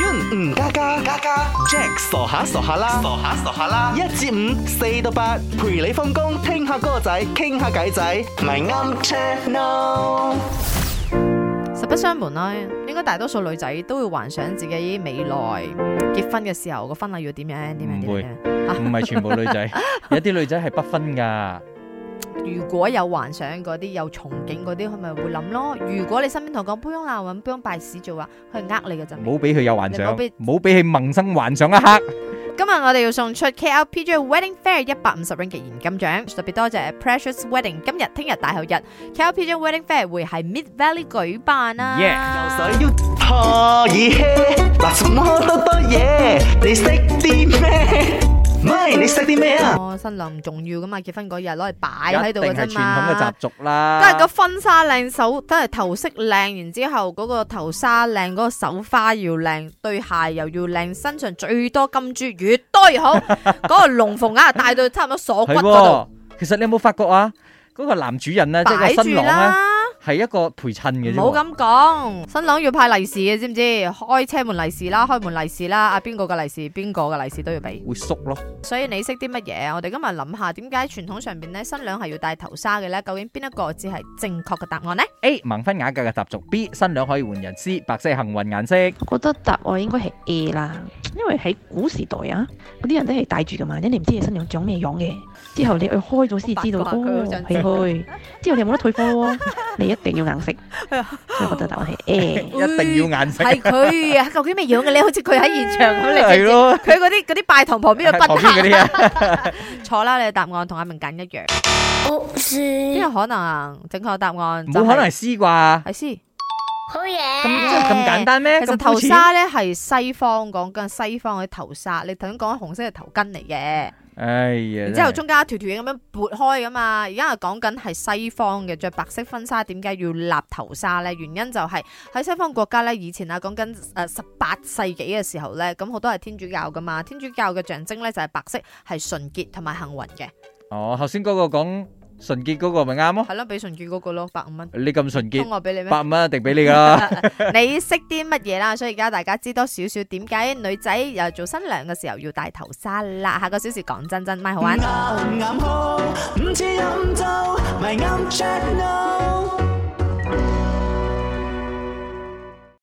袁吳、嗯、家家，家，家，Jack 傻下傻下啦，傻下傻下啦，一至五，四到八，陪你放工，聽下歌仔，傾下偈仔，唔啱 check no。實不相瞞啦，應該大多數女仔都會幻想自己未來結婚嘅時候個婚禮要點樣，點樣嘅。唔會，唔係全部女仔， 有啲女仔係不婚噶。如果有幻想嗰啲，有憧憬嗰啲，佢咪會諗咯。如果你身邊同佢講搬爛搵搬敗事做話，佢係呃你嘅陣。冇俾佢有幻想，冇俾佢萌生幻想一刻。今日我哋要送出 KLPJ Wedding Fair 一百五十 ring 嘅現金獎，特別多謝 Precious Wedding。今日、聽日、大後日，KLPJ Wedding Fair 會喺 Mid Valley 舉辦啊。食啲咩啊、哦？新娘唔重要噶嘛，結婚嗰日攞嚟擺喺度噶啫嘛。一定係傳統嘅習俗啦。都係個婚紗靚手，都係頭飾靚，然之後嗰個頭紗靚，嗰、那個手花要靚，對鞋又要靚，身上最多金珠，越多越好。嗰 個龍鳳眼戴到差唔多鎖骨嗰度。其實你有冇發覺啊？嗰、那個男主人啊，住啦即係個新郎、啊係一個陪襯嘅，唔好咁講。新娘要派利是嘅，知唔知？開車門利是啦，開門利是啦。啊，邊個嘅利是，邊個嘅利是都要俾。會縮咯。所以你識啲乜嘢？我哋今日諗下，點解傳統上邊咧新娘係要戴頭紗嘅咧？究竟邊一個只係正確嘅答案呢？A 盲婚啞嫁嘅習俗，B 新娘可以換人，C 白色係幸運顏色。我覺得答案應該係 A 啦，因為喺古時代啊，嗰啲人都係戴住噶嘛，你唔知新娘長咩樣嘅。之後你要開咗先知道， 哦係開，之後你冇得退貨。 你一定要顏色， 我覺得答案係 A， 欸、一定要顏色，係佢啊？究竟咩樣嘅你好似佢喺現場咁，係 咯？ 佢嗰啲嗰啲拜堂旁邊嘅賓客，坐 啦！你嘅答案同阿明揀一樣，C。邊 有可能正確答案，就是？冇可能係 C 啩？係 C。好嘢！咁真咁簡單咩？其實頭紗咧係西方講緊西方嗰啲頭紗，你頭先講緊紅色係頭巾嚟嘅。哎呀！然之後中間一條條咁樣撥開噶嘛，而家係講緊係西方嘅着白色婚紗，點解要立頭紗咧？原因就係喺西方國家咧，以前啊講緊誒十八世紀嘅時候咧，咁好多係天主教噶嘛，天主教嘅象徵咧就係白色，係純潔同埋幸運嘅。哦，頭先嗰個講。純潔嗰個咪啱咯，係咯，俾純潔嗰個咯，百五蚊。你咁純潔，充我俾你咩？百五蚊一定俾你噶啦。你識啲乜嘢啦？所以而家大家知多少少點解女仔又做新娘嘅時候要戴頭紗啦？下個小時講真真，咪好玩。